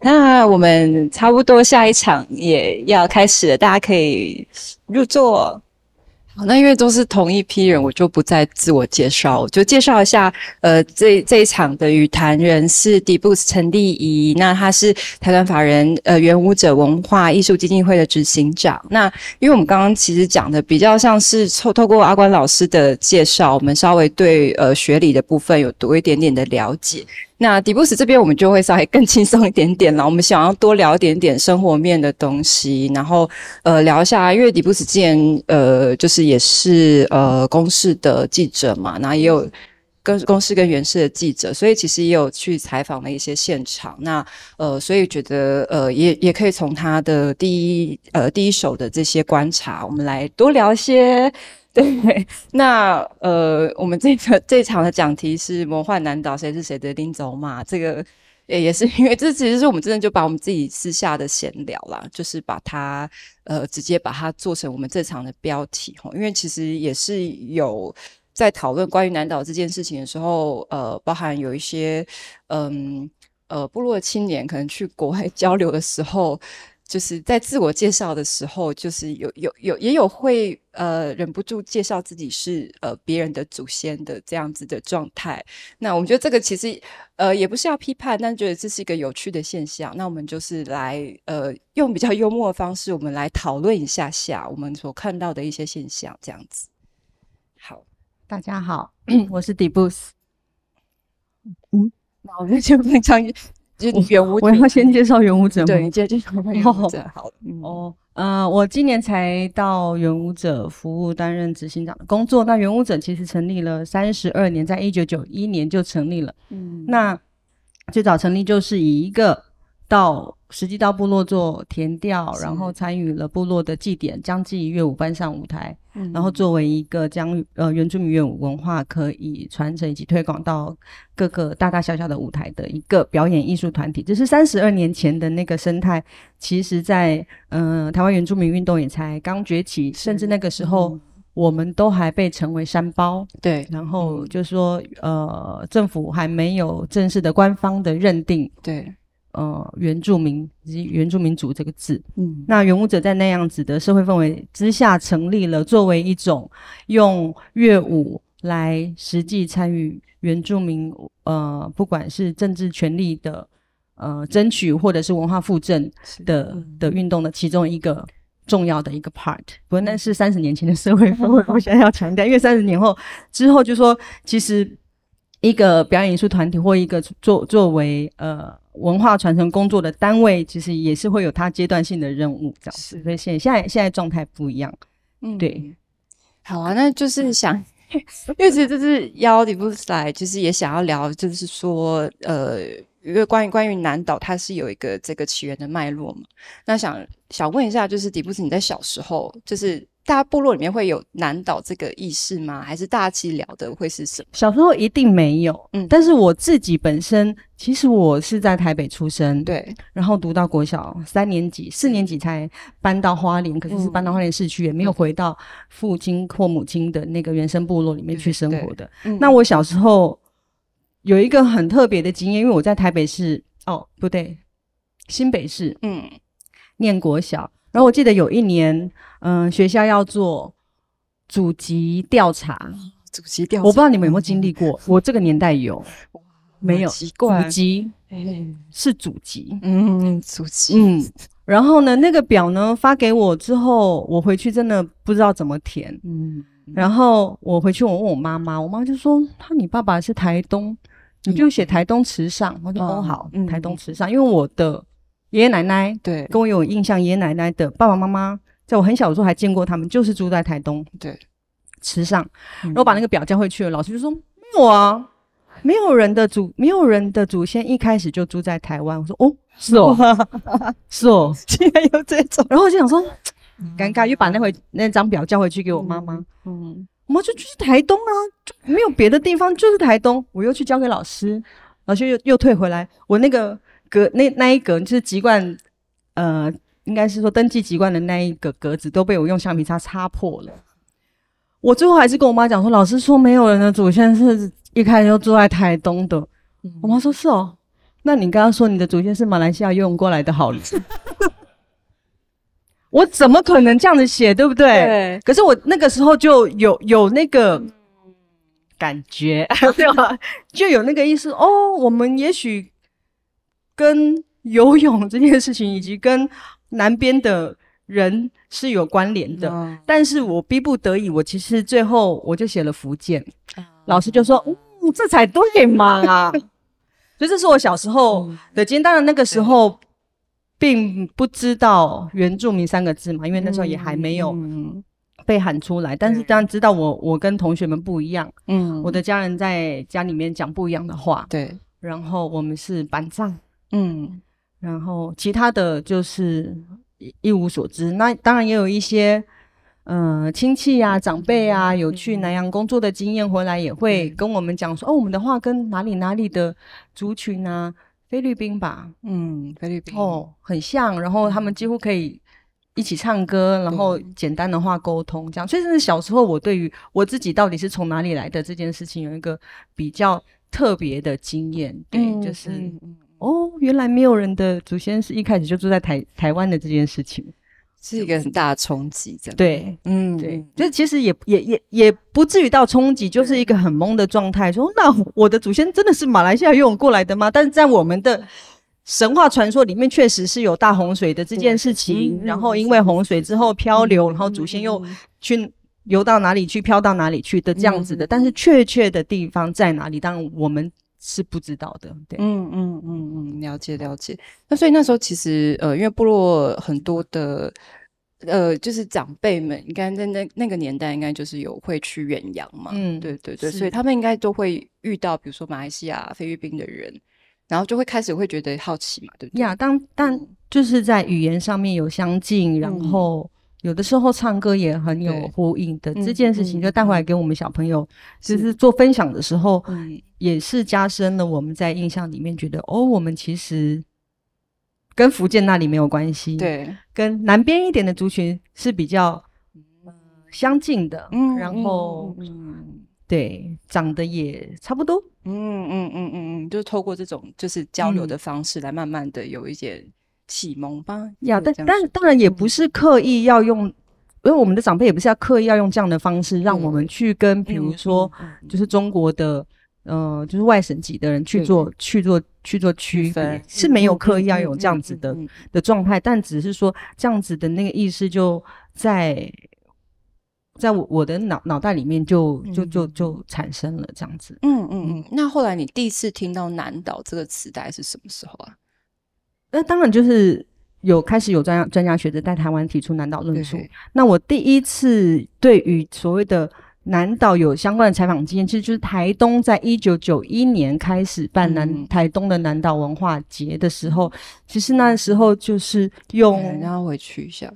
那我們差不多下一場也要開始了，大家可以入座。好，那因為都是同一批人，我就不再自我介紹，我就介紹一下。呃，這這一場的與談人是 Tipus 陳俐誼，那他是台灣法人呃原舞者文化藝術基金會的執行長。那因為我們剛剛其實講的比較像是透透過阿關老師的介紹，我們稍微對呃學理的部分有多一點點的了解。那 Tipus 這邊我們就會稍微更輕鬆一點點了，然後我們想要多聊一點點生活面的東西，然後呃聊一下，因為 Tipus 之前呃就是也是呃公視的記者嘛，那也有。跟公視跟原視的記者，所以其實也有去採訪了一些現場。那呃，所以覺得呃，也也可以從他的第一呃第一手的這些觀察，我們來多聊一些。對，那呃，我們這個這場的講題是《魔幻南島，誰是誰的恁祖母？這個也、欸、也是因為這其實是我們真的就把我們自己私下的閒聊啦，就是把它呃直接把它做成我們這場的標題。吼，因為其實也是有。在討論關於南島這件事情的時候，呃，包含有一些，嗯，呃，部落青年可能去國外交流的時候，就是在自我介紹的時候，就是有有有也有會呃忍不住介紹自己是呃別人的祖先的這樣子的狀態。那我們覺得這個其實呃也不是要批判，但覺得這是一個有趣的現象。那我們就是來呃用比較幽默的方式，我們來討論一下下我們所看到的一些現象，這樣子。好。大家好， 我是 Tipus。嗯，那 我就先分唱，就原舞。我要先介紹原舞者， 對，你介紹原舞者。好，嗯、哦，呃，我今年才到原舞者服務，擔任執行長的工作。那原舞者其實成立了三十二年，在一九九一年就成立了。嗯，那最早成立就是以一個。到實際到部落做田調。是然後參與了部落的祭典，將祭儀樂舞搬上舞台，嗯、然後作為一個將呃原住民樂舞文化可以傳承以及推廣到各個大大小小的舞台的一個表演藝術團體。就是三十二年前的那個生態，其實在，在、呃、嗯台灣原住民運動也才剛崛起。是甚至那個時候，嗯、我們都還被稱為山胞，對，然後就是說呃政府還沒有正式的官方的認定，對。呃，原住民及原住民族這個字，嗯，那原舞者在那樣子的社會氛圍之下，成立了，作為一種用樂舞來實際參與原住民呃，不管是政治權利的呃爭取，或者是文化復振的、嗯、的，的運動的其中一個重要的一個 part、嗯。不過那是三十年前的社會氛圍， 我現在要強調，因為三十年後之後就說其實。一個表演藝術團體或一個作作為呃文化傳承工作的單位，其實也是會有它階段性的任務，的，是。所以現在現在現在狀態不一樣，嗯，對。好啊，那就是想，嗯、因為其實就是邀迪布斯來，就是也想要聊，就是說呃，一個關於關於南島，它是有一個這個起源的脈絡嘛。那想想問一下，就是迪布斯，你在小時候就是。大部落裡面會有南島這個意識嗎？還是大家去聊的會是什麼？小時候一定沒有，嗯。但是我自己本身，其實我是在台北出生，對。然後讀到國小三年級、四年級才搬到花蓮，嗯、可是是搬到花蓮市區，嗯、也沒有回到父親或母親的那個原生部落裡面去生活的。嗯、那我小時候有一個很特別的經驗，因為我在台北市哦，不對，新北市，嗯，念國小。然後我記得有一年，嗯、呃，學校要做祖籍調查，祖籍調查，我不知道你們有沒有經歷過？ 我這個年代有，沒有、啊、祖籍，是祖籍，嗯，祖籍，嗯，然後呢，那個表呢發給我之後，我回去真的不知道怎麼填，嗯，嗯然後我回去我問我媽媽，我媽就說，哈，你爸爸是台東，你就寫台東池上、嗯嗯，我就哦、嗯、好，嗯、台東池上，因為我的。爺爺奶奶對，跟我有印象。爺爺奶奶的爸爸媽媽，在我很小的時候還見過他們，就是住在台東。對，池上。然後把那個表交回去了，老師就說沒有啊，沒有人的祖，沒有人的祖先一開始就住在台灣。我說哦，是哦，哇是哦， 竟然有這種。然後我就想說，尷尬，又把那回那張表交回去給我媽媽。嗯，嗯我們就就是台東啊，就沒有別的地方，就是台東。我又去交給老師，老師又又退回來，我那個。格那那一格就是籍貫，呃，應該是說登記籍貫的那一個格子都被我用橡皮擦擦破了。我最後還是跟我媽講說，老師說沒有人的祖先是一開始就住在台東的。嗯、我媽說是哦，那你剛剛說你的祖先是馬來西亞游泳過來的好人，好， 我怎麼可能這樣子寫對不對？對。可是我那個時候就有有那個感覺，嗯、 對吧、啊？就有那個意思哦，我們也許。跟游泳這件事情，以及跟南邊的人是有關聯的。Oh. 但是我逼不得已，我其實最後我就寫了福建。Oh. 老師就說：“嗯、oh. 哦，這才對嘛。” 所以這是我小時候的。今天、mm. 當然那個時候並不知道“原住民”三個字嘛，因為那時候也還沒有被喊出來。Mm. 但是當然知道我，我跟同學們不一樣。嗯，mm. 我的家人在家裡面講不一樣的話。對。然後我們是班上嗯，然後其他的就是一一無所知。那當然也有一些，嗯、呃，親戚啊、長輩啊，有去南洋工作的經驗回來，也會跟我們講說：嗯、哦，我們的話跟哪裡哪裡的族群啊，菲律賓吧，嗯，菲律賓哦，很像。然後他們幾乎可以一起唱歌，然後簡單的話溝通這樣。所以，是小時候，我對於我自己到底是從哪裡來的這件事情，有一個比較特別的經驗。嗯、對，就是。哦，原來沒有人的祖先是一開始就住在台台灣的這件事情，是一個很大的衝擊。這樣的，對，嗯，對，就其實也、嗯、也也也不至於到衝擊，就是一個很懵的狀態，說那我的祖先真的是馬來西亞游泳過來的嗎？但是在我們的神話傳說裡面，確實是有大洪水的這件事情，嗯、然後因為洪水之後漂流，嗯、然後祖先又去游到哪裡去，漂、嗯、到哪裡去的這樣子的，嗯、但是確切的地方在哪裡？當然我們。是不知道的，對，嗯嗯嗯嗯，了解了解。那所以那時候其實，呃，因為部落很多的，呃，就是長輩們，應該在那那個年代，應該就是有會去遠洋嘛，嗯，對對對，是，所以他們應該都會遇到，比如說馬來西亞、菲律賓的人，然後就會開始會覺得好奇嘛，對不對？呀，當但就是在語言上面有相近，嗯、然後。有的時候唱歌也很有呼應的對這件事情，就帶回來給我們小朋友，嗯、就是做分享的時候，是嗯、也是加深了我們在印象裡面覺得，嗯、哦，我們其實跟福建那裡沒有關係，對，跟南邊一點的族群是比較相近的，嗯，然後，嗯嗯、對，長得也差不多，嗯嗯嗯嗯嗯，就是透過這種就是交流的方式來慢慢的有一些、嗯。啟蒙吧，呀 Yeah,，但但當然也不是刻意要用，因為我們的長輩也不是要刻意要用這樣的方式讓我們去跟，比、嗯、如說，嗯嗯嗯、就是中國的，呃，就是外省籍的人去做、嗯嗯嗯、去做去做區分，對對是沒有刻意要有這樣子的、嗯嗯、的狀態，但只是說這樣子的那個意思就在在我我的腦腦袋裡面就就就就，就產生了這樣子，嗯嗯嗯。嗯嗯那後來你第一次聽到南島這個詞大概是什麼時候啊？那、呃、當然就是有開始有專家專家學者在台灣提出南島論述。對對對。那我第一次對於所謂的南島有相關的採訪經驗，其實就是台東在一九九一年開始辦南、嗯、台東的南島文化節的時候，其實那時候就是用。等一下回去一下，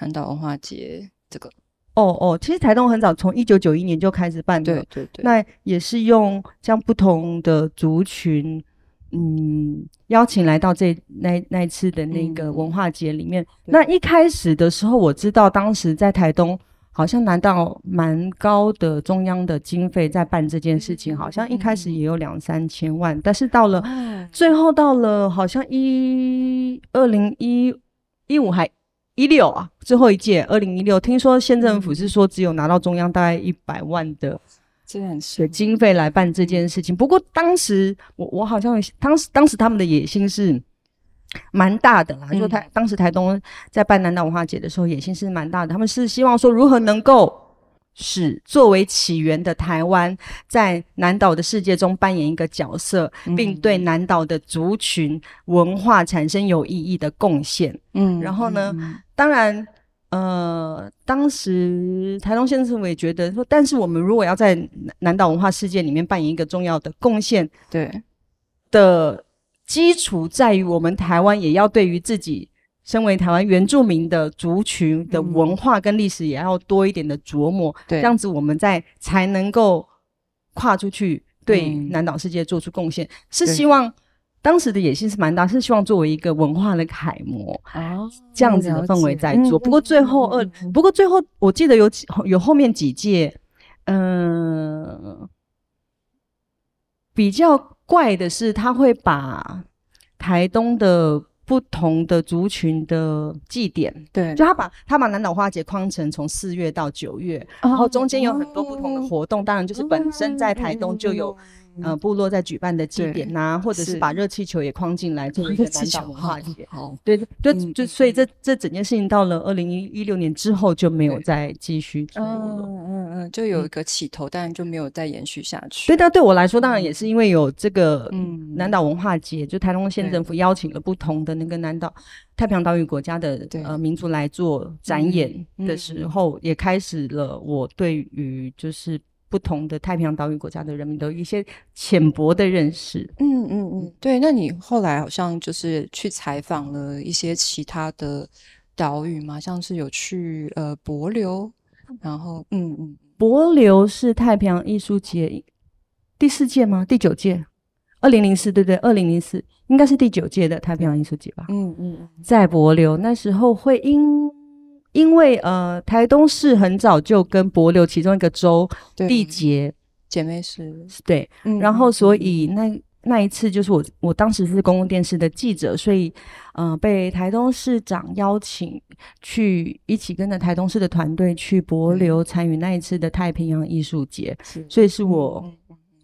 南島文化節這個。哦哦，其實台東很早從一九九一年就開始辦的。對對對。那也是用將不同的族群。嗯，邀請來到這那那一次的那個文化節裡面。嗯、那一開始的時候，我知道當時在台東好像拿到蠻高的中央的經費在辦這件事情，好像一開始也有兩三千萬。嗯、但是到了、嗯、最後到了好像一二零一一五還一六啊，最後一屆二零一六，2016, 聽說縣政府是說只有拿到中央大概一百萬的。是很是，經費來辦這件事情。嗯、不過當時我我好像當時當時他們的野心是蠻大的啦。嗯、就台當時台東在辦南島文化節的時候，野心是蠻大的。他們是希望說如何能夠使作為起源的台灣在南島的世界中扮演一個角色，嗯、並對南島的族群文化產生有意義的貢獻。嗯，然後呢，嗯、當然。呃，當時台東先生我也覺得說，但是我們如果要在南島文化世界裡面扮演一個重要的貢獻，對，的基礎在於我們台灣也要對於自己身為台灣原住民的族群的文化跟歷史也要多一點的琢磨，對、嗯，這樣子我們在才能夠跨出去對南島世界做出貢獻，嗯、是希望。當時的野心是蠻大，是希望作為一個文化的楷模啊，哦、這樣子的氛圍在做。嗯嗯、不過最後二，嗯嗯嗯、不過最後我記得有幾有後面幾屆，嗯、呃，比較怪的是他會把台東的不同的族群的祭典，對，就他把他把南島花節框成從四月到九月，哦、然後中間有很多不同的活動，嗯、當然就是本身在台東就有。呃，部落在舉辦的祭典吶，或者是把熱氣球也框進來做一個南島文化節，好，對，對，就所以這這整件事情到了二零一六年之後就沒有再繼續做。嗯嗯嗯，就有一個起頭，但就沒有再延續下去。對，但對我來說，當然也是因為有這個南島文化節，就台東縣政府邀請了不同的那個南島太平洋島嶼國家的呃民族來做展演的時候，也開始了我對於就是。不同的太平洋島嶼國家的人民的一些淺薄的認識。嗯嗯嗯，對。那你後來好像就是去採訪了一些其他的島嶼嗎？像是有去呃帛琉。然後嗯嗯，帛琉是太平洋藝術節第四屆嗎？第九屆？二零零四對對，二零零四應該是第九屆的太平洋藝術節吧？嗯嗯，在帛琉那時候會因。因為呃，台東市很早就跟帛琉其中一個州締結姐妹市，對。嗯、然後所以那那一次就是我我當時是公共電視的記者，所以嗯、呃，被台東市長邀請去一起跟着台東市的團隊去帛琉參與那一次的太平洋藝術節，是所以是我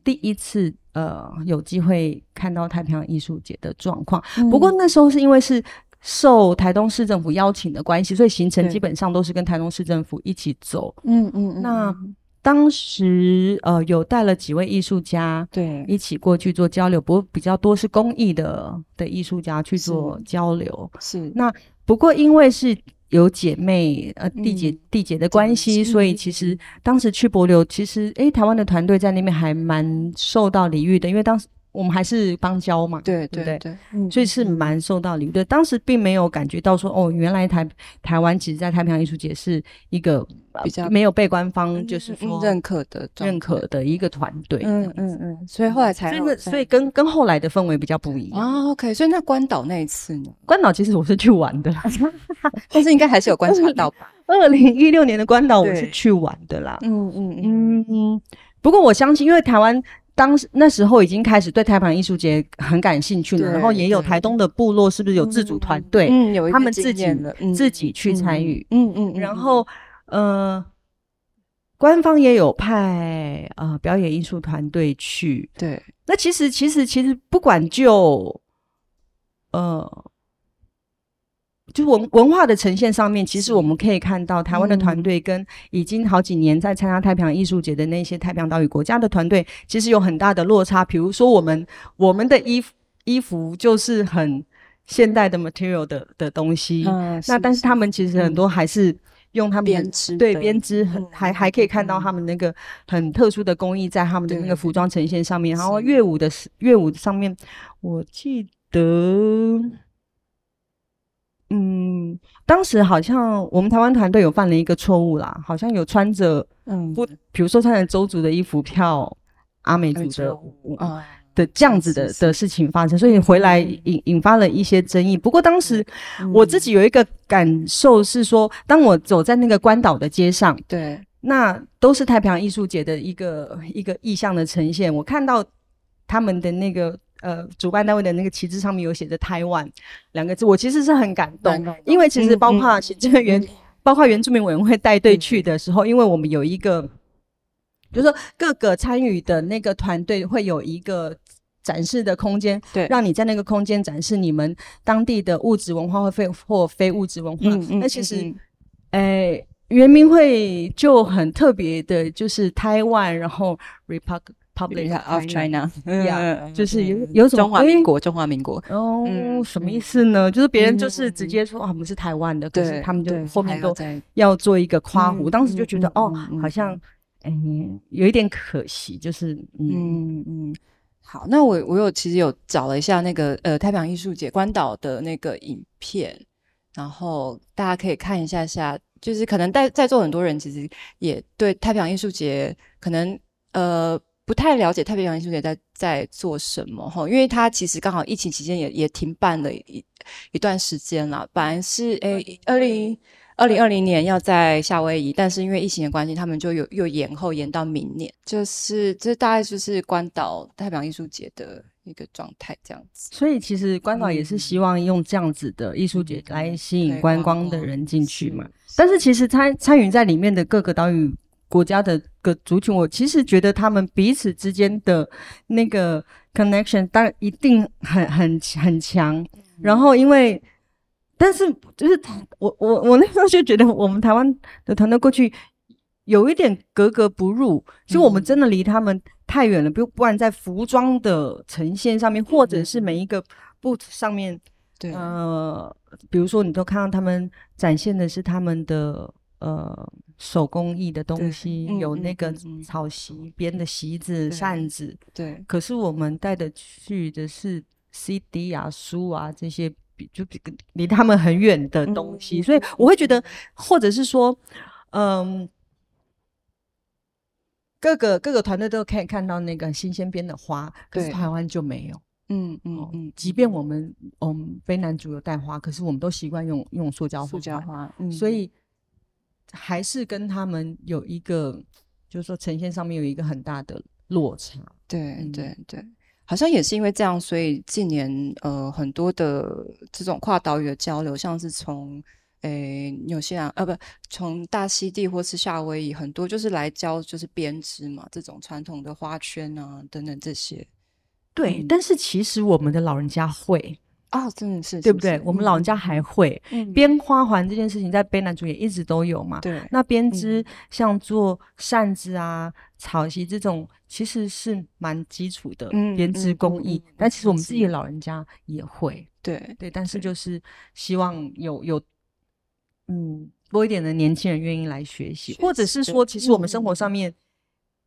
第一次、嗯、呃有機會看到太平洋藝術節的狀況。不過那時候是因為是。受台東市政府邀請的關係，所以行程基本上都是跟台東市政府一起走。嗯嗯對。那當時呃有帶了幾位藝術家對，一起過去做交流，對不過比較多是公益的的藝術家去做交流。是。是，那不過因為是有姐妹呃締結締結的關係，嗯、所以其實當時去帛琉，其實誒、欸、台灣的團隊在那邊還蠻受到禮遇的，因為當時。我們還是邦交嘛，對對對，所以是蠻受到禮遇的、嗯對。當時並沒有感覺到說，哦，原來臺台台灣其實在太平洋藝術節是一個比較、啊、沒有被官方就是說、嗯嗯、認可的、認可的一個團隊、嗯。嗯嗯嗯，所以後來才所以所以跟跟後來的氛圍比較不一樣啊。OK，所以那關島那一次呢？關島其實我是去玩的啦， 但是應該還是有觀察到吧？二零一六年的關島我是去玩的啦。嗯嗯嗯，嗯，不過我相信，因為台灣。當時那時候已經開始對太平洋藝術節很感興趣了，對然後也有台東的部落，是不是有自主團隊、嗯？嗯，有他們自己、嗯、自己去參與、嗯，嗯嗯，然後呃，官方也有派呃表演藝術團隊去。對，那其實其實其實不管就呃。就是文文化的呈現上面，其實我們可以看到，台灣的團隊跟已經好幾年在參加太平洋藝術節的那些太平洋島嶼國家的團隊，其實有很大的落差。比如說我們我們的衣服衣服就是很現代的 material 的對的東西，嗯、那但是他們其實很多還是用他們編織對編織很還還可以看到他們那個很特殊的工藝在他們的那個服裝呈現上面。然後樂舞的樂舞上面，我記得。嗯，當時好像我們台灣團隊有犯了一個錯誤啦，好像有穿着，嗯，不，比如說穿着鄒族的衣服跳阿美族的舞，啊、的、啊、這樣子的是是的事情發生，所以回來引引發了一些爭議。嗯、不過當時我自己有一個感受是說，當我走在那個關島的街上，對，那都是太平洋藝術節的一個一個意象的呈現，我看到他們的那個。呃，主辦單位的那個旗幟上面有寫着台灣兩個字，我其實是很感動，難難，因為其實包括行政院、嗯嗯、包括原住民委員會帶隊去的時候，嗯、因為我們有一個，就是說各個參與的那個團隊會有一個展示的空間，對，讓你在那個空間展示你們當地的物質文化或非或非物質文化。嗯嗯、那其實，哎、嗯，原民、嗯呃、會就很特別的，就是台灣，然後 Republic Public of China，就是有有種中華民國，中華民國哦，什麼意思呢？就是別人就是直接說啊，我們是台灣的，對，可是他們就後面都要做一個誇糊，當時就覺得哦，好像嗯，有一點可惜，就是嗯嗯，好，那我我有其實有找了一下那個呃太平洋藝術節關島的那個影片，然後大家可以看一下下，就是可能在在座很多人其實也對太平洋藝術節可能呃。不太了解太平洋藝術節在在做什麼哈，因為它其實剛好疫情期間也也停辦了一一段時間了。本來是誒二零二零二零年要在夏威夷，但是因為疫情的關係，他們就有又延後延到明年。就是這大概就是關島太平洋藝術節的一個狀態這樣子。所以其實關島也是希望用這樣子的藝術節來吸引觀光的人進去嘛。嗯，對啊哦、是是但是其實參參與在裡面的各個島嶼國家的個族群，我其實覺得他們彼此之間的那個 connection 當然一定很很很強。嗯、然後因為，但是就是我我我那時候就覺得我們台灣的團隊過去有一點格格不入，嗯、其實我們真的離他們太遠了，不不然在服裝的呈現上面，嗯、或者是每一個 boot 上面，對呃，比如說你都看到他們展現的是他們的呃。手工藝的東西，有那個草席編的蓆子、扇子。對。可是我們帶的去的是 CD 啊、書啊這些，就比離他們很遠的東西。所以我會覺得，或者是說，嗯，各個各個團隊都可以看到那個新鮮編的花，可是台灣就沒有。嗯嗯嗯。即便我們嗯卑南族有帶花，可是我們都習慣用用塑膠花。塑膠花。嗯。所以。還是跟他們有一個，就是說呈現上面有一個很大的落差。對對對，好像也是因為這樣，所以近年呃很多的這種跨島嶼的交流，像是從誒紐西蘭啊，呃，不從大溪地或是夏威夷，很多就是來教就是編織嘛，這種傳統的花圈啊等等這些。對，嗯，但是其實我們的老人家會。啊，oh，真的是對不對？嗯、我們老人家還會編、嗯嗯、花環這件事情，在卑南族也一直都有嘛。對，那編織像做扇子啊、嗯、草席這種，其實是蠻基礎的編織工藝。嗯嗯嗯嗯、但其實我們自己的老人家也會。對對，但是就是希望有有，有嗯多一點的年輕人願意來學習，學習或者是說，其實我們，我們生活上面。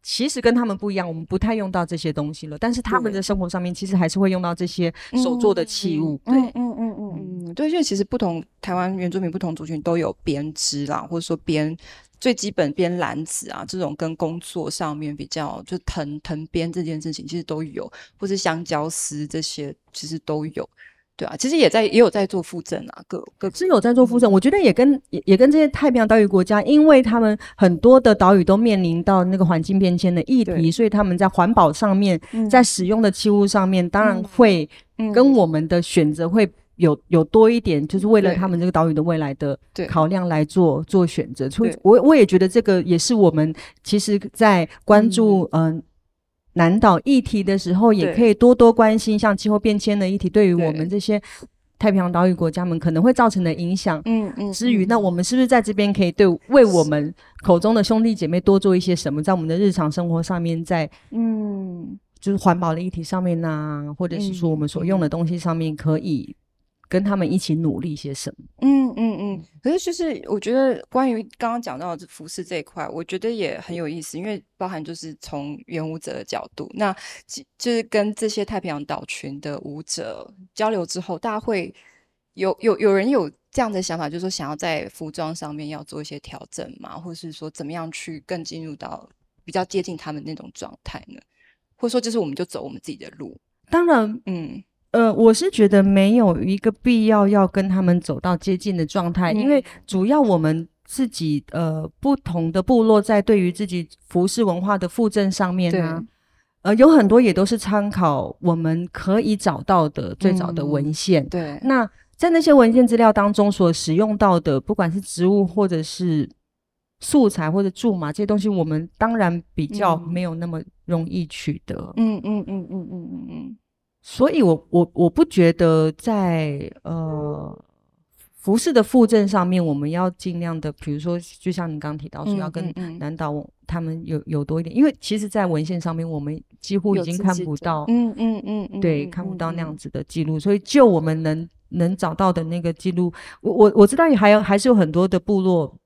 其實跟他們不一樣，我們不太用到這些東西了。但是他們的生活上面，其實還是會用到這些手做的器物。對，嗯嗯嗯嗯嗯，對，因為其實不同台灣原住民不同族群都有編織啦，或者說編最基本編籃子啊，這種跟工作上面比較就藤藤編這件事情，其實都有，或是香蕉絲這些其實都有。對啊，其實也在也有在做復振啊，各各是有在做復振。嗯、我覺得也跟也也跟這些太平洋島嶼國家，因為他們很多的島嶼都面臨到那個環境變遷的議題，對所以他們在環保上面，嗯、在使用的器物上面，當然會跟我們的選擇會有、嗯、有多一點，就是為了他們這個島嶼的未來的考量來做對做選擇。所以我，我我也覺得這個也是我們其實在關注嗯。呃南島議題的時候，也可以多多關心像氣候變遷的議題，對於我們這些太平洋島嶼國家們可能會造成的影響、嗯。嗯嗯。之餘，那我們是不是在這邊可以對為我們口中的兄弟姐妹多做一些什麼？在我們的日常生活上面在，在嗯，就是環保的議題上面呢、啊，嗯、或者是說我們所用的東西上面，可以。跟他們一起努力些什麼？嗯嗯嗯。可是，就是我覺得關於剛剛講到的服飾這一塊，我覺得也很有意思，因為包含就是從原舞者的角度，那就是跟這些太平洋島群的舞者交流之後，大家會有有有人有這樣的想法，就是說想要在服裝上面要做一些調整嘛，或者是說怎麼樣去更進入到比較接近他們那種狀態呢？或者說，就是我們就走我們自己的路。當然，嗯。呃，我是覺得沒有一個必要要跟他們走到接近的狀態，嗯、因為主要我們自己呃不同的部落在對於自己服飾文化的復振上面呢，啊、呃有很多也都是參考我們可以找到的最早的文獻。嗯、對，那在那些文獻資料當中所使用到的，不管是植物或者是素材或者苧麻這些東西，我們當然比較沒有那麼容易取得。嗯嗯嗯嗯嗯嗯嗯。嗯嗯嗯嗯所以我，我我我不覺得在呃服飾的復振上面，我們要盡量的，比如說，就像你剛提到說，嗯嗯嗯、要跟南島他們有有多一點，因為其實，在文獻上面，我們幾乎已經看不到，嗯嗯對嗯，嗯嗯嗯對，看不到那樣子的記錄。嗯嗯嗯、所以，就我們能能找到的那個記錄，我我我知道也還有還是有很多的部落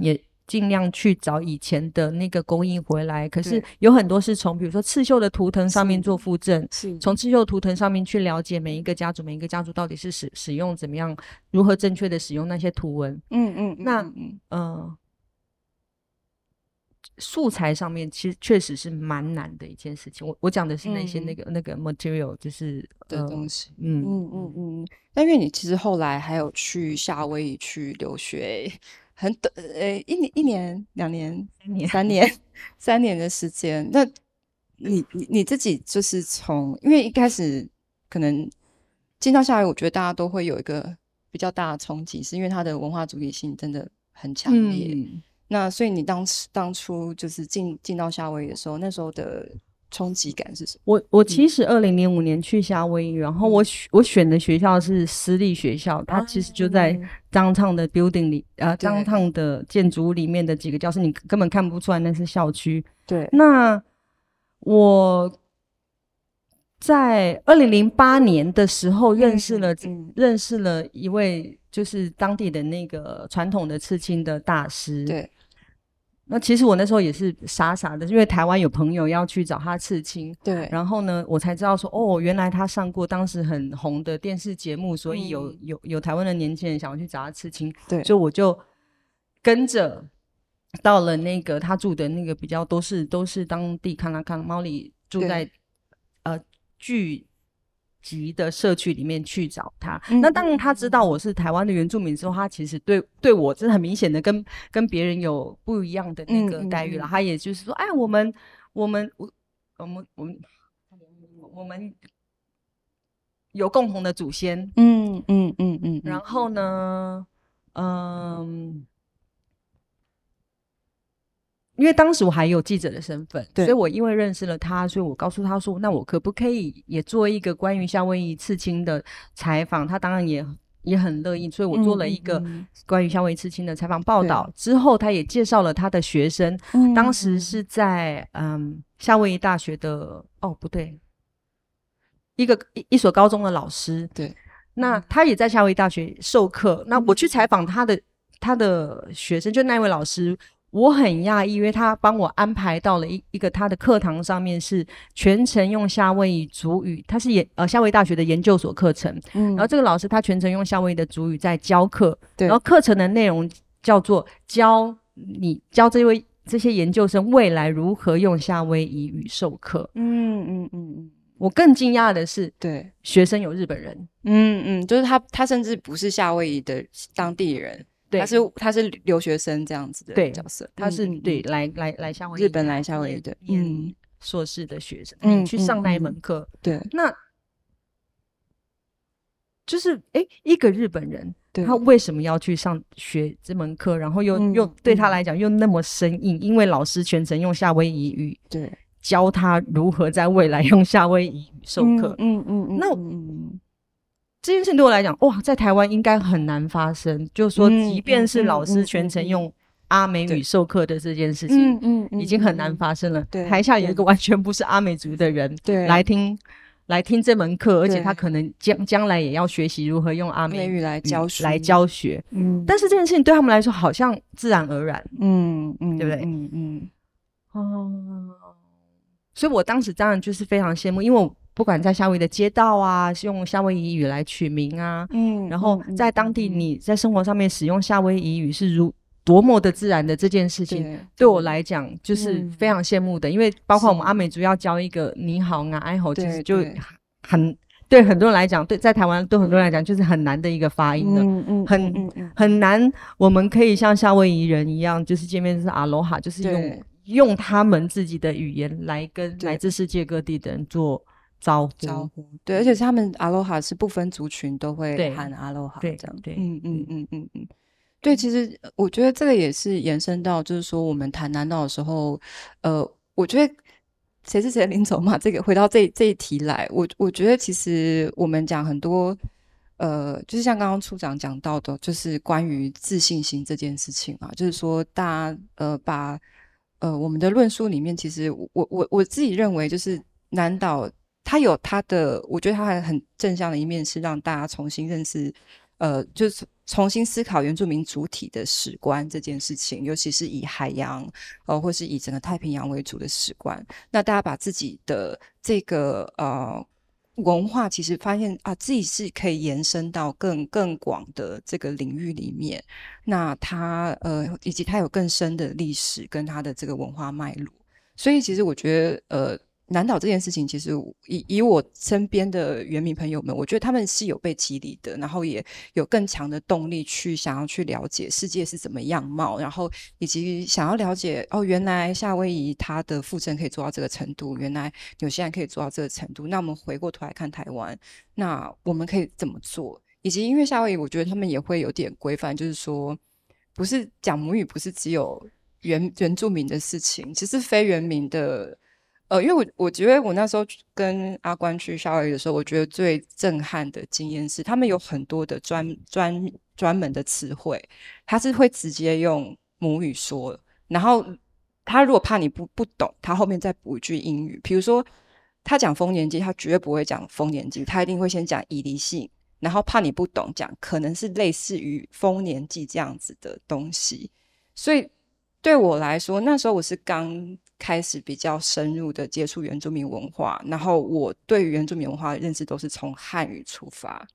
也。盡量去找以前的那個工藝回來，可是有很多是從比如說刺繡的圖騰上面做復振，從刺繡圖騰上面去了解每一個家族，每一個家族到底是使使用怎麼樣，如何正確的使用那些圖文。嗯嗯，嗯嗯那嗯、呃，素材上面其實確實是蠻難的一件事情。我我講的是那些那個、嗯、那個 material，就是、呃、的東西。嗯嗯嗯嗯。嗯嗯但因為你其實後來還有去夏威夷去留學。很短，呃、欸，一一年、兩年、年三年、三年， 三年的時間。那，你你你自己就是從，因為一開始可能進到夏威夷，我覺得大家都會有一個比較大的衝擊，是因為它的文化主體性真的很強烈。嗯、那所以你當時當初就是進進到夏威夷的時候，那時候的。衝擊感是什麼？我我其實二零零五年去夏威夷，嗯、然後我我選的學校是私立學校，嗯、它其實就在張燙 ow 的 building 裡，呃，張燙對的建築裡面的幾個教室，你根本看不出來那是校區。對。那我，在二零零八年的時候認識了、嗯、認識了一位，就是當地的那個傳統的刺青的大師。對。那其實我那時候也是傻傻的，因為台灣有朋友要去找他刺青，對，然後呢，我才知道說，哦，原來他上過當時很紅的電視節目，所以有、嗯、有有台灣的年輕人想要去找他刺青，對，所以我就跟着到了那個他住的那個比較都是都是當地康拉康毛利住在對呃聚。級的社區裡面去找他。嗯、那當然他知道我是台灣的原住民之後，他其實對對我是很明顯的跟跟別人有不一樣的那個待遇了。嗯嗯嗯嗯、他也就是說，哎，我們我們我我們我們我們有共同的祖先，嗯嗯嗯嗯，嗯嗯嗯然後呢，嗯。嗯嗯因為當時我還有記者的身份，對所以我因為認識了他，所以我告訴他說：“那我可不可以也做一個關於夏威夷刺青的採訪？”他當然也也很樂意，所以我做了一個關於夏威夷刺青的採訪報道。對之後，他也介紹了他的學生，對當時是在嗯夏威夷大學的哦不對，一個一一所高中的老師。對，那他也在夏威夷大學授課。對那我去採訪他的、嗯、他的學生，就那位老師。我很訝異，因為他幫我安排到了一一個他的課堂上面，是全程用夏威夷族語。他是研呃夏威夷大學的研究所課程，嗯，然後這個老師他全程用夏威夷的族語在教課，對，然後課程的內容叫做教你教這位這些研究生未來如何用夏威夷語授課。嗯，嗯嗯嗯，我更驚訝的是，對，學生有日本人，嗯嗯，就是他他甚至不是夏威夷的當地人。他是他是留學生這樣子的角色，他是對來來來夏威夷日本來夏威夷的，嗯，碩士的學生，嗯，去上那一門課，對，那就是哎，一個日本人，他為什麼要去上學這門課？然後又又對他來講又那麼生硬？因為老師全程用夏威夷語對教他如何在未來用夏威夷語授課，嗯嗯嗯，那嗯。這件事情對我來講，哇，在台灣應該很難發生。就是說，即便是老師全程用阿美語授課的這件事情，嗯嗯，已經很難發生了。台下有一個完全不是阿美族的人，對，來聽來聽這門課，而且他可能將將來也要學習如何用阿美語來教來教學。嗯，但是這件事情對他們來說，好像自然而然，嗯嗯，對不對？嗯嗯，哦，所以我當時當然就是非常羨慕，因為我。不管在夏威夷的街道啊，用夏威夷語來取名啊，嗯，然後在當地你在生活上面使用夏威夷語是如、嗯、多麼的自然的這件事情，對，對我來講就是非常羨慕的。嗯、因為包括我們阿美族要教一個你好拿哀吼，是啊、愛好其實就很對，對，對很多人來講，對在台灣對很多人來講就是很難的一個發音的、嗯嗯，很很難。我們可以像夏威夷人一樣，就是見面就是 Aloha，就是用對用他們自己的語言來跟來自世界各地的人做。招招呼、招呼對，而且他們阿羅哈是不分族群都會喊阿羅哈，對，這樣對，嗯嗯嗯嗯嗯，對，其實我覺得這個也是延伸到，就是說我們談南島的時候，呃，我覺得誰是誰的恁祖母嘛，這個回到這這一題來，我我覺得其實我們講很多，呃，就是像剛剛處長講到的，就是關於自信心這件事情嘛、啊，就是說大家呃把呃我們的論述裡面，其實我我我自己認為就是南島。它有它的，我覺得它還很正向的一面是讓大家重新認識，呃，就是重新思考原住民主體的史觀這件事情，尤其是以海洋，呃，或是以整個太平洋為主的史觀。那大家把自己的這個呃文化，其實發現啊、呃，自己是可以延伸到更更廣的這個領域裡面。那它呃，以及它有更深的歷史跟它的這個文化脈絡。所以其實我覺得呃。南島這件事情，其實，以以我身邊的原民朋友們，我覺得他們是有被激勵的，然後也有更強的動力去想要去了解世界是怎麼樣貌，然後以及想要了解哦，原來夏威夷它的復振可以做到這個程度，原來紐西蘭可以做到這個程度。那我們回過頭來看台灣，那我們可以怎麼做？以及因為夏威夷，我覺得他們也會有點規範，就是說不是講母語，不是只有原原住民的事情，其實非原民的。呃，因為我我覺得我那時候跟阿關去夏威夷的時候，我覺得最震撼的經驗是，他們有很多的專專專門的詞彙，他是會直接用母語說，然後他如果怕你不不懂，他後面再補一句英語。比如說他講豐年祭，他絕對不會講豐年祭，他一定會先講以離性，然後怕你不懂，講可能是類似於豐年祭這樣子的東西。所以對我來說，那時候我是剛。開始比較深入的接觸原住民文化，然後我對原住民文化的認識都是從漢語出發，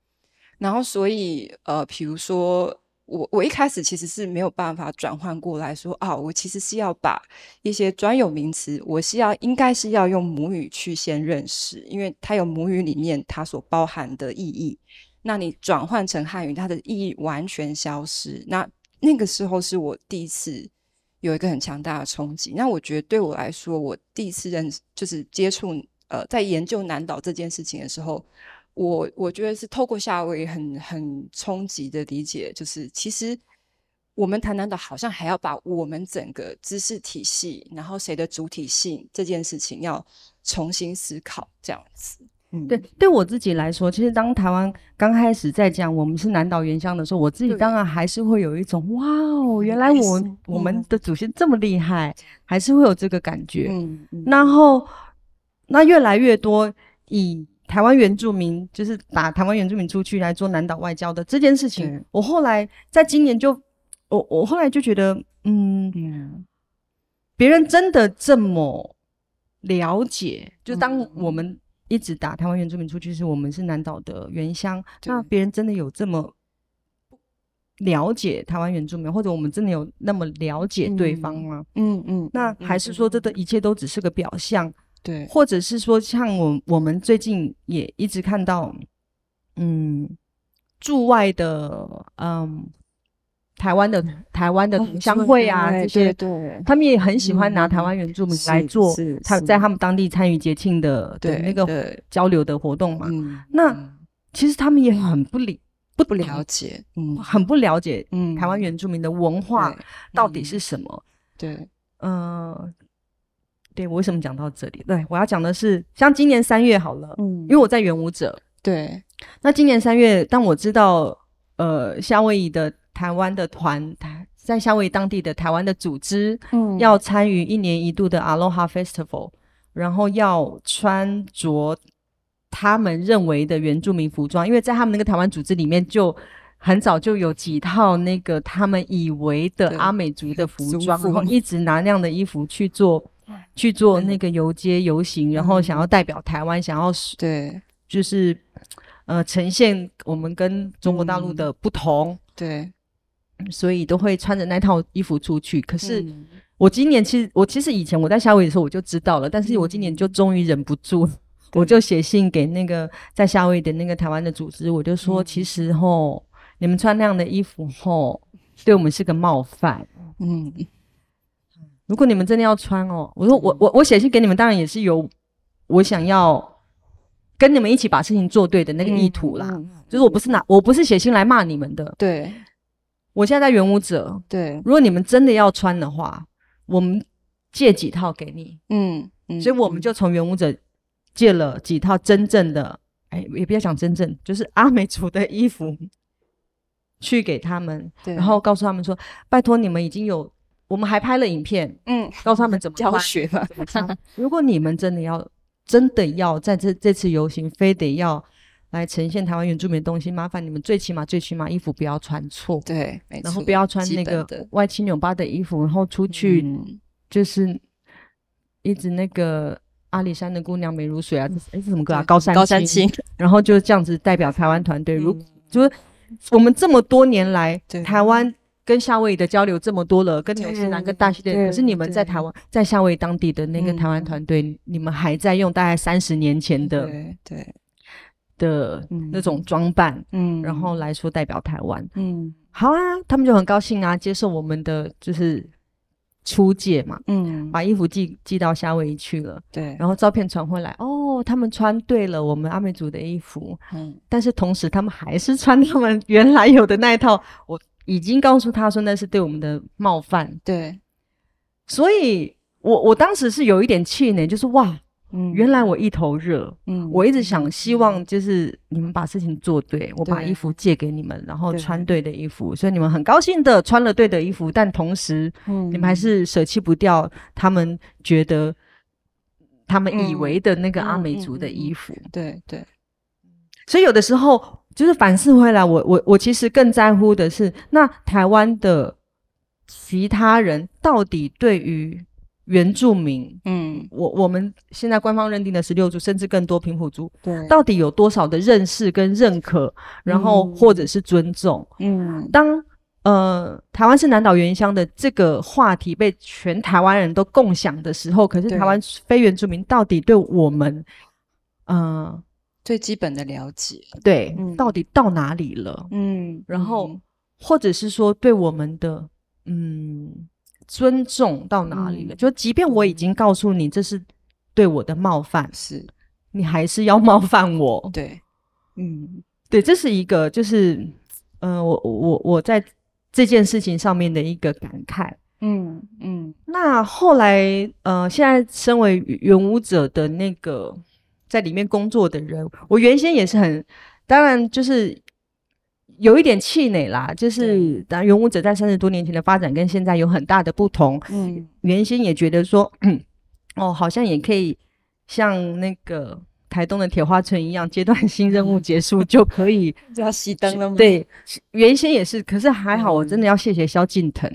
然後所以呃，比如說我我一開始其實是沒有辦法轉換過來說，啊，我其實是要把一些專有名詞，我是要應該是要用母語去先認識，因為它有母語裡面它所包含的意義，那你轉換成漢語，它的意義完全消失。那那個時候是我第一次。有一個很強大的衝擊。那我覺得對我來說，我第一次認識就是接觸呃，在研究南島這件事情的時候，我我覺得是透過夏威很很衝擊的理解，就是其實我們談南島好像還要把我們整個知識體系，然後誰的主體性這件事情要重新思考這樣子。嗯、對，對我自己來說，其實當台灣剛開始在講我們是南島原鄉的時候，我自己當然還是會有一種對哇哦，原來我、嗯、我們的祖先這麼厲害，還是會有這個感覺。嗯，嗯，然後那越來越多以台灣原住民就是打台灣原住民出去來做南島外交的這件事情，嗯、我後來在今年就我我後來就覺得，嗯，嗯別人真的這麼了解，就當我們、嗯。嗯一直打台灣原住民出去，是我們是南島的原鄉。對那別人真的有這麼了解台灣原住民，或者我們真的有那麼了解對方嗎？嗯嗯。嗯嗯那還是說，這的一切都只是個表象？對。或者是說，像我我們最近也一直看到，嗯，駐外的，嗯。台灣的台灣的同鄉會啊，這些，對，他們也很喜歡拿台灣原住民來做他在他們當地參與節慶的對那個交流的活動嘛。那其實他們也很不理不不了解，嗯，很不了解嗯，台灣原住民的文化到底是什麼。對，嗯，對我為什麼講到這裡？對，我要講的是，像今年三月好了，嗯，因為我在原舞者，對。那今年三月，當我知道呃夏威夷的。台灣的團台在夏威夷當地的台灣的組織，嗯，要參與一年一度的 Aloha Festival，然後要穿着他們認為的原住民服裝，因為在他們那個台灣組織裡面，就很早就有幾套那個他們以為的對阿美族的服裝，嗯、服然後一直拿那樣的衣服去做去做那個遊街遊行，嗯、然後想要代表台灣，嗯、想要對，就是呃，呃呈現我們跟中國大陸的不同，嗯、對。所以都會穿着那套衣服出去。可是我今年其實，嗯、我其實以前我在夏威夷的時候，我就知道了，但是我今年就終於忍不住，嗯、 我就寫信給那個在夏威夷的那個台灣的組織，我就說，其實吼，嗯、你們穿那樣的衣服吼，對我們是個冒犯。嗯，如果你們真的要穿哦，我說我我、嗯、我寫信給你們，當然也是有我想要跟你們一起把事情做對的那個意圖啦。嗯、就是我不是拿、嗯、我不是寫信來罵你們的。對。我現在在原舞者。對，如果你們真的要穿的話，我們借幾套給你。嗯，嗯，所以我們就從原舞者借了幾套真正的，哎、欸，也不要講真正，就是阿美族的衣服，嗯、去給他們，對然後告訴他們說：拜托你們已經有，我們還拍了影片，嗯，告訴他們怎麼教學了。 如果你們真的要，真的要在這這次遊行，非得要。來呈現台灣原住民的東西，麻煩你們最起碼最起碼衣服不要穿錯，對，然後不要穿那個歪七扭八的衣服，然後出去就是一直那個阿里山的姑娘美如水啊，哎，是什麼歌啊？高山高山青，然後就這樣子代表台灣團隊，如就是我們這麼多年來，台灣跟夏威夷的交流這麼多了，跟紐西蘭、跟大溪地，可是你們在台灣在夏威夷當地的那個台灣團隊，你們還在用大概三十年前的，對。的那種裝扮，嗯，然後來說代表台灣，嗯，好啊，他們就很高興啊，接受我們的就是出借嘛，嗯，把衣服寄寄到夏威夷去了，對，然後照片傳回來，哦，他們穿對了我們阿美族的衣服，嗯，但是同時他們還是穿他們原來有的那一套，我已經告訴他說那是對我們的冒犯，對，所以我我當時是有一點氣餒，就是哇。嗯，原來我一頭熱，嗯，我一直想希望就是你們把事情做對，嗯、我把衣服借給你們，對然後穿對的衣服，對所以你們很高興的穿了對的衣服，但同時，你們還是捨棄不掉他們覺得，他們以為的那個阿美族的衣服，對、嗯嗯嗯嗯嗯、對，對，所以有的時候就是反思回來，我我我其實更在乎的是那台灣的其他人到底對於。原住民，嗯，我我們現在官方認定的十六族，甚至更多平埔族，對，到底有多少的認識跟認可，嗯、然後或者是尊重，嗯，當呃台灣是南島原鄉的這個話題被全台灣人都共享的時候，可是台灣非原住民到底對我們，嗯對，呃、最基本的了解，對，嗯、到底到哪裡了，嗯，然後、嗯、或者是說對我們的，嗯。尊重到哪裡了？嗯、就即便我已經告訴你這是對我的冒犯，是你還是要冒犯我？對，嗯，對，這是一個，就是，嗯、呃，我我我在這件事情上面的一個感慨。嗯嗯。嗯那後來，呃，現在身為原舞者的那個在裡面工作的人，我原先也是很，當然就是。有一點氣餒啦，就是但原舞者在三十多年前的發展跟現在有很大的不同。嗯，原先也覺得說，哦，好像也可以像那個台東的鐵花村一樣，階段性任務結束就可以 就要熄燈了嗎？對，原先也是，可是還好，我真的要謝謝蕭敬騰，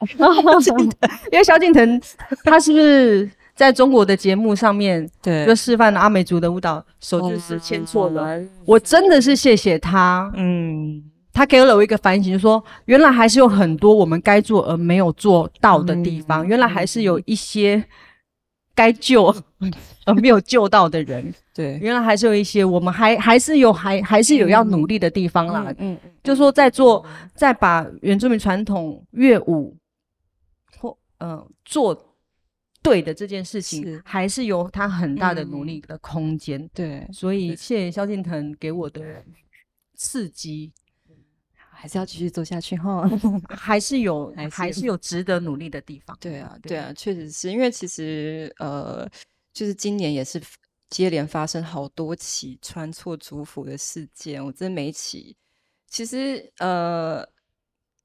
蕭敬、嗯、 騰，因為蕭敬騰他是不是在中國的節目上面對就示範了阿美族的舞蹈手指是牽錯了。哦、我真的是謝謝他，嗯。他給了我一個反省就是，就說原來還是有很多我們該做而沒有做到的地方，嗯、原來還是有一些該救、嗯、而沒有救到的人，對，原來還是有一些我們還還是有還還是有要努力的地方啦，嗯嗯，就說在做在把原住民傳統樂舞或嗯、呃、做對的這件事情，是還是有他很大的努力的空間，嗯、對，所以謝謝蕭敬騰給我的刺激。還是要繼續做下去哈， 還是有還是有值得努力的地方。 對啊，對啊，對對啊確實是，因為其實呃，就是今年也是接連發生好多起穿錯族服的事件，我真沒起其實呃，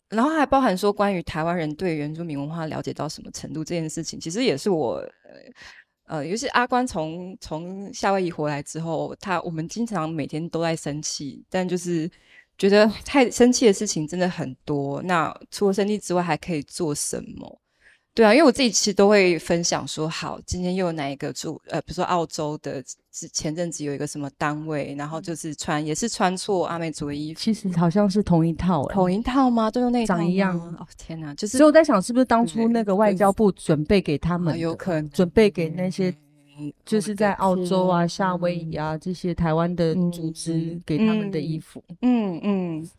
然後還包含說關於台灣人對原住民文化了解到什麼程度這件事情，其實也是我呃尤其阿關從從夏威夷回來之後，他我們經常每天都在生氣，但就是。嗯覺得太生氣的事情真的很多。那除了生氣之外，還可以做什麼？對啊，因為我自己其實都會分享說，好，今天又有哪一個駐呃，比如說澳洲的，前陣子有一個什麼單位，然後就是穿也是穿錯阿美族的衣服。其實好像是同一套、欸，同一套嗎？都用那一套，長一樣。哦天哪，就是。所以我在想，是不是當初那個外交部準備給他們，有可能，準備給那些、嗯。嗯就是在澳洲啊、的夏威夷啊、嗯、這些台灣的組織給他們的衣服，嗯嗯，嗯，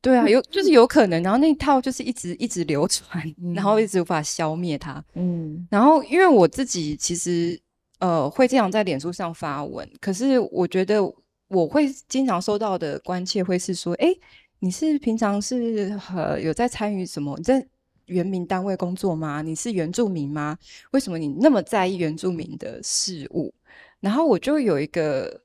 對啊，有就是有可能，然後那套就是一直一直流傳，然後一直無法消滅它。嗯，然後因為我自己其實呃會經常在臉書上發文，可是我覺得我會經常收到的關切會是說，哎、欸，你是平常是呃有在參與什麼你在？原民單位工作嗎？你是原住民嗎？為什麼你那麼在意原住民的事物？然後我就有一個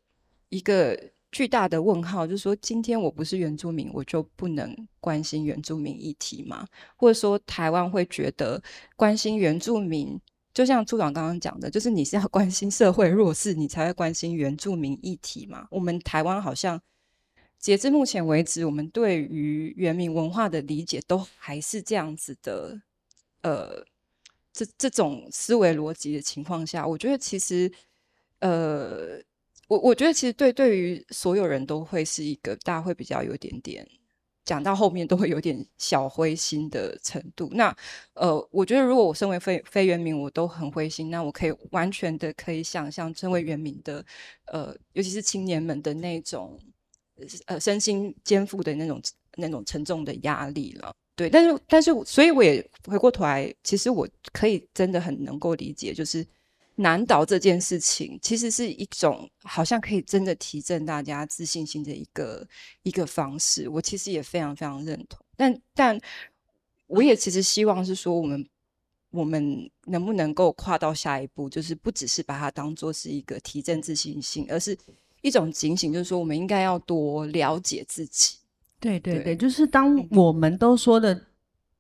一個巨大的問號，就是說，今天我不是原住民，我就不能關心原住民議題嗎？或者說，台灣會覺得關心原住民，就像處長剛剛講的，就是你是要關心社會弱勢，若是你才會關心原住民議題嘛？我們台灣好像。截至目前為止，我們對於原民文化的理解都還是這樣子的，呃，這這種思維邏輯的情況下，我覺得其實，呃，我我覺得其實對對於所有人都會是一個大家會比較有點點，講到後面都會有點小灰心的程度。那呃，我覺得如果我身為非非原民，我都很灰心，那我可以完全的可以想象身為原民的，呃，尤其是青年們的那種。呃，身心肩負的那種那種沉重的壓力了，對。但是，但是，所以我也回過頭來，其實我可以真的很能夠理解，就是南島這件事情，其實是一種好像可以真的提振大家自信心的一個一個方式。我其實也非常非常認同。但但，我也其實希望是說，我們我們能不能夠跨到下一步，就是不只是把它當做是一個提振自信心，而是。一種警醒，就是說，我們應該要多了解自己。對對對，對就是當我們都說的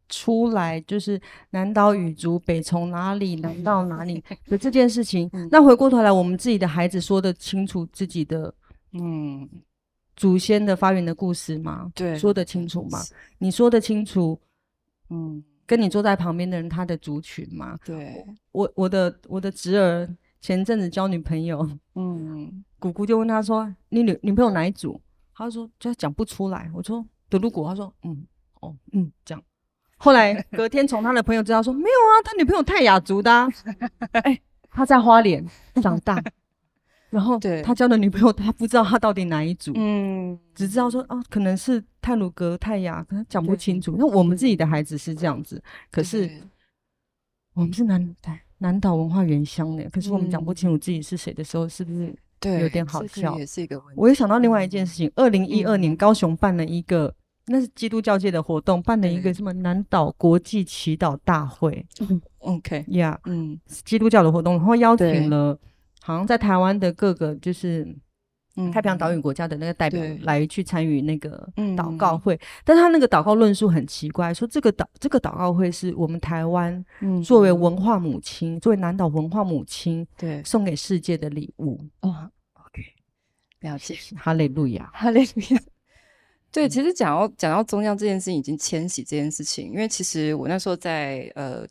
出來，就是南島語族、北從哪裡南到哪裡，這這件事情， 嗯、那回過頭來，我們自己的孩子說的清楚自己的，嗯，祖先的發源的故事嗎？對、嗯，說的清楚嗎？對你說的清楚，嗯，跟你坐在旁邊的人他的族群嗎？對，我我的我的侄兒前陣子交女朋友，嗯。姑姑就問他說：“你女女朋友哪一族？”他就說：“就講不出來。”我說：“德魯古。”他說：“嗯，哦，嗯，這樣。”後來隔天從他的朋友知道說：“ 沒有啊，他女朋友泰雅族的，啊。”哎、 欸，他在花蓮長大， 然後他交的女朋友他不知道他到底哪一族，嗯對，只知道說哦，啊，可能是太魯閣、泰雅，可能講不清楚。那對我們自己的孩子是這樣子，對可是我們是南對南島文化原鄉的，可是我們講不清楚自己是誰的時候，是不是？對，有點好笑。也我又想到另外一件事情，二零一二年高雄辦了一個，嗯、那是基督教界的活動，對辦了一個什麼南島國際祈禱大會。OK，Yeah，對嗯，yeah, 嗯，基督教的活動，然後邀請了，對好像在台灣的各個就是。嗯，太平洋島嶼國家的那個代表來去參與那個嗯禱告會，對但他那個禱告論述很奇怪，嗯、說這個禱這個禱告會是我們台灣嗯作為文化母親，嗯、作為南島文化母親，對，送給世界的禮物。哦，OK，了解。Hallelujah，哈利路亞，哈利路亞。對，其實講到講到宗教這件事情，已經遷徙這件事情，因為其實我那時候在呃，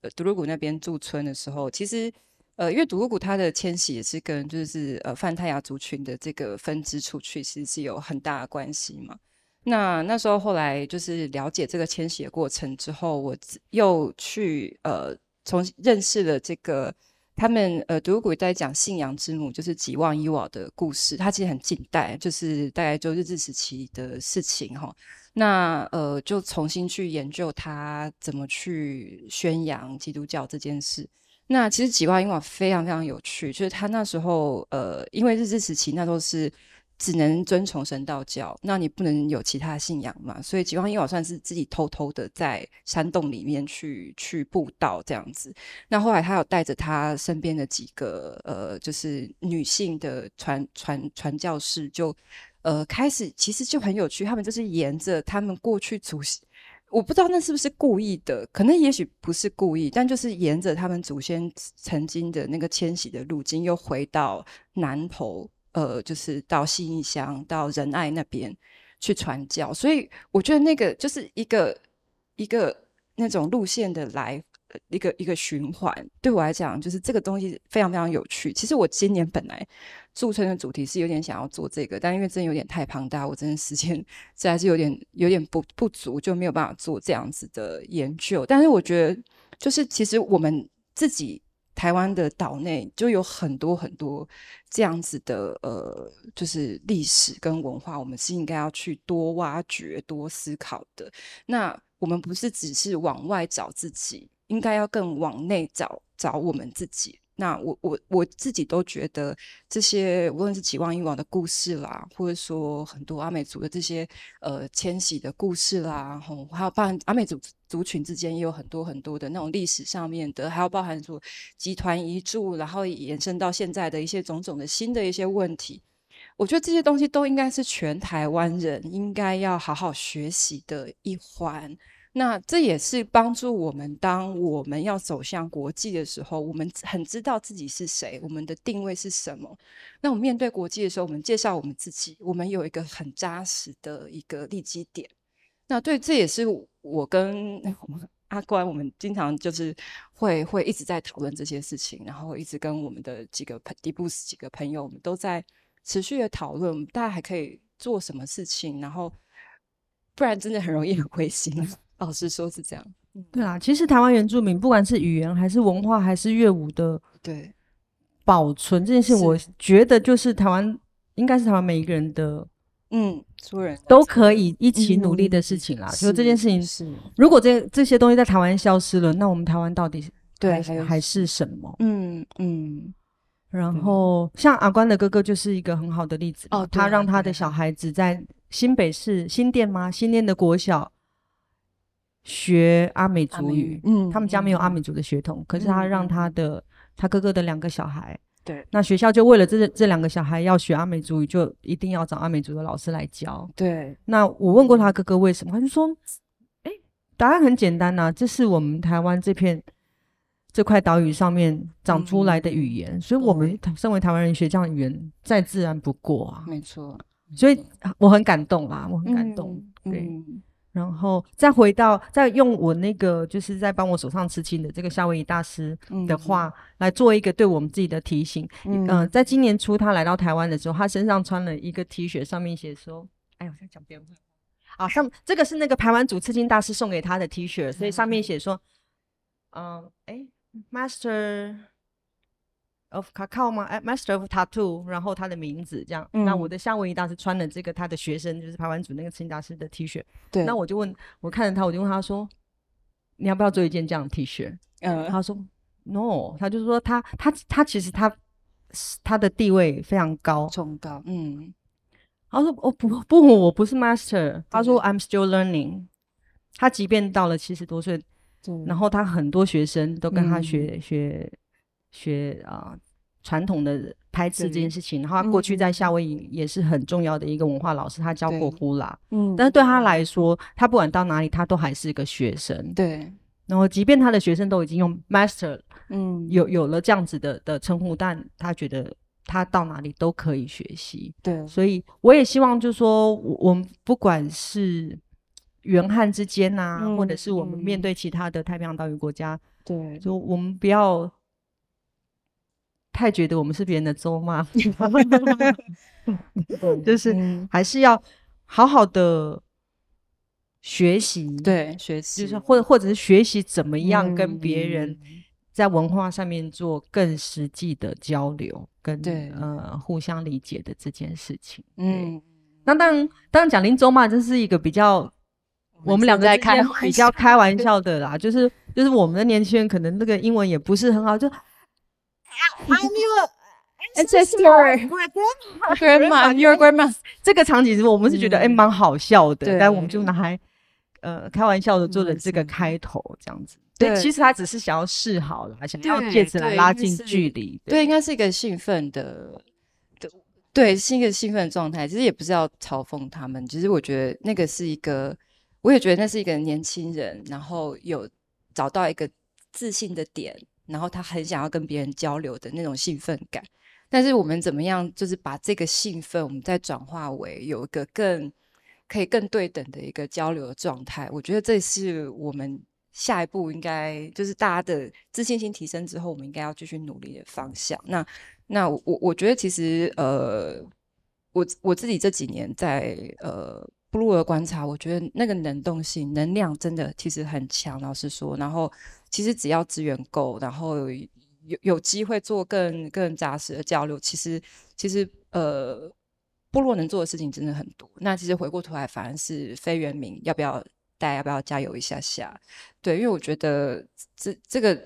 呃獨魯谷那邊駐村的時候，其實。呃，因為德路固他的遷徙也是跟就是呃，泛泰雅族群的這個分支出去，其實是有很大的關係嘛。那那時候後來就是了解這個遷徙的過程之後，我又去呃，重新認識了這個他們呃，德路固在講信仰之母，就是姬望伊娃的故事，他其實很近代，就是大概就日治時期的事情齁。那呃，就重新去研究他怎麼去宣揚基督教這件事。那其實吉娃英瓦非常非常有趣，就是他那時候，呃，因為日治時期那時候是只能遵從神道教，那你不能有其他信仰嘛，所以吉娃英瓦算是自己偷偷的在山洞裡面去去布道這樣子。那後來他有帶着他身邊的幾個呃，就是女性的傳傳傳教士就，就呃開始，其實就很有趣，他們就是沿着他們過去祖先。我不知道那是不是故意的，可能也許不是故意，但就是沿着他們祖先曾經的那個遷徙的路徑，又回到南投，呃，就是到信義鄉、到仁愛那邊去傳教。所以我覺得那個就是一個一個那種路線的來。一個一個循環，對我來講，就是這個東西非常非常有趣。其實我今年本來駐村的主題是有點想要做這個，但因為真的有點太龐大，我真的時間實在是有點有點不不足，就沒有辦法做這樣子的研究。但是我覺得，就是其實我們自己台灣的島內就有很多很多這樣子的呃，就是歷史跟文化，我們是應該要去多挖掘、多思考的。那我們不是只是往外找自己。應該要更往內找找我們自己。那我我我自己都覺得，這些無論是幾望以往的故事啦，或者說很多阿美族的這些呃遷徙的故事啦，吼，還有包含阿美族族群之間也有很多很多的那種歷史上面的，還要包含說集團移住，然後延伸到現在的一些種種的新的一些問題。我覺得這些東西都應該是全台灣人應該要好好學習的一環。那這也是幫助我們，當我們要走向國際的時候，我們很知道自己是誰，我們的定位是什麼。那我們面對國際的時候，我們介紹我們自己，我們有一個很紮實的一個立基點。那對，這也是我跟阿關，我們經常就是會會一直在討論這些事情，然後一直跟我們的幾個 Tipus 幾個朋友，我們都在持續的討論，大家還可以做什麼事情，然後不然真的很容易很灰心。老實說是這樣，對啊，其實台灣原住民不管是語言還是文化還是樂舞的對保存對這件事，我覺得就是台灣應該是台灣每一個人的嗯出人都可以一起努力的事情啦。就這件事情，是，是，是如果這這些東西在台灣消失了，那我們台灣到底還對還還是什麼？嗯嗯，嗯然後像阿關的哥哥就是一個很好的例子哦，啊啊、他讓他的小孩子在新北市新店嗎？新店的國小。學阿美族語，語嗯，他們家沒有阿美族的血統，嗯、可是他讓他的、嗯、他哥哥的兩個小孩，對、嗯，那學校就為了這這兩個小孩要學阿美族語，就一定要找阿美族的老師來教。對，那我問過他哥哥為什麼，他就說，哎、欸，答案很簡單吶、啊，這是我們台灣這片這塊島嶼上面長出來的語言，嗯嗯，所以我們身為台灣人學這樣語言再自然不過啊，沒錯，所以我很感動啦，我很感動，嗯、對。嗯然後再回到，再用我那個就是在幫我手上刺青的這個夏威夷大師的話、嗯嗯、來做一個對我們自己的提醒。嗯、呃，在今年初他來到台灣的時候，他身上穿了一個 T 恤，上面寫說：“哎，我想講別個。”啊，上 這個是那個排灣族刺青大師送給他的 T 恤，所以上面寫說：“嗯，哎、嗯呃、，Master。” Of Kakao 嗎、uh,？Master of Tattoo，然後他的名字這樣。嗯、那我的夏威夷大師穿了這個，他的學生就是排灣族那個刺青大師的 T 恤。對。那我就問，我看着他，我就問他說：“你要不要做一件這樣的 T 恤？”嗯、呃 no,。他說：“No。”他就是說他他他其實他他的地位非常高，崇高。嗯。他說：“哦、oh,，不不，我不是 Master 對。”他說：“I'm still learning。”他即便到了七十多歲，對然後他很多學生都跟他學、嗯、學。學啊，呃、傳統的拍攝這件事情，嗯、然後他過去在夏威夷也是很重要的一個文化老師，他教過呼啦，嗯，但是對他來說，他不管到哪裡，他都還是一個學生，對。然後，即便他的學生都已經用 master，嗯，有有了這樣子的的稱呼，但他覺得他到哪裡都可以學習，對。所以，我也希望就是說，我，我們不管是原漢之間啊，嗯、或者是我們面對其他的太平洋島嶼國家，對，就我們不要。太覺得我們是別人的恁祖母？ 對就是還是要好好的學習，對，學習就是或者或者是學習怎麼樣跟別人在文化上面做更實際的交流跟，跟對呃互相理解的這件事情。嗯，對那當然，當然，講恁祖母，這是一個比較我們兩個在開比較開玩笑的啦。就是就是我們的年輕人可能那個英文也不是很好，就。I'm your ancestor, with grandma, grandma 為 your grandma。這個場景是我們是覺得哎蠻、嗯欸、好笑的，對但我們就拿來呃開玩笑的做了這個開頭這樣子。對、嗯，其實他只是想要示好的，還想要借此來拉近距離。對，應該是一個興奮的對，對，是一個興奮的狀態。其實也不是要嘲諷他們，其實我覺得那個是一個，我也覺得那是一個年輕人，然後有找到一個自信的點。然後他很想要跟別人交流的那種興奮感，但是我們怎麼樣，就是把這個興奮，我們再轉化為有一個更可以更對等的一個交流的狀態，我覺得這是我們下一步應該就是大家的自信心提升之後，我們應該要繼續努力的方向。那那我我覺得其實呃，我我自己這幾年在呃。部落的觀察，我覺得那個能動性、能量真的其實很強。老實說，然後其實只要資源夠，然後有有，有機會做更更扎實的交流，其實其實呃，部落能做的事情真的很多。那其實回過頭來，反而是非原民，要不要大家要不要加油一下下？對，因為我覺得這這個。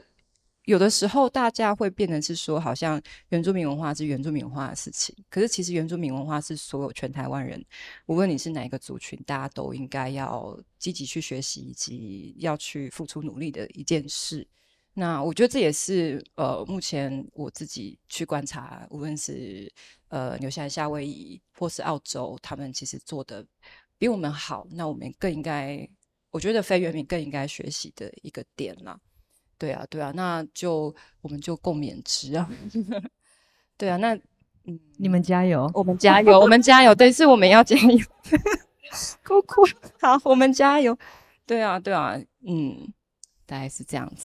有的時候，大家會變得是說，好像原住民文化是原住民文化的事情。可是，其實原住民文化是所有全台灣人，無論你是哪一個族群，大家都應該要積極去學習以及要去付出努力的一件事。那我覺得這也是呃，目前我自己去觀察，無論是呃，紐西蘭、夏威夷或是澳洲，他們其實做的比我們好。那我們更應該，我覺得非原民更應該學習的一個點啦。對啊，對啊，那就我們就共勉之啊！ 對啊，那嗯，你們加油，我們加油， 我們加油，但是我們要加油，呵呵，酷酷，好，我們加油！對啊，對啊，嗯，大概是這樣子。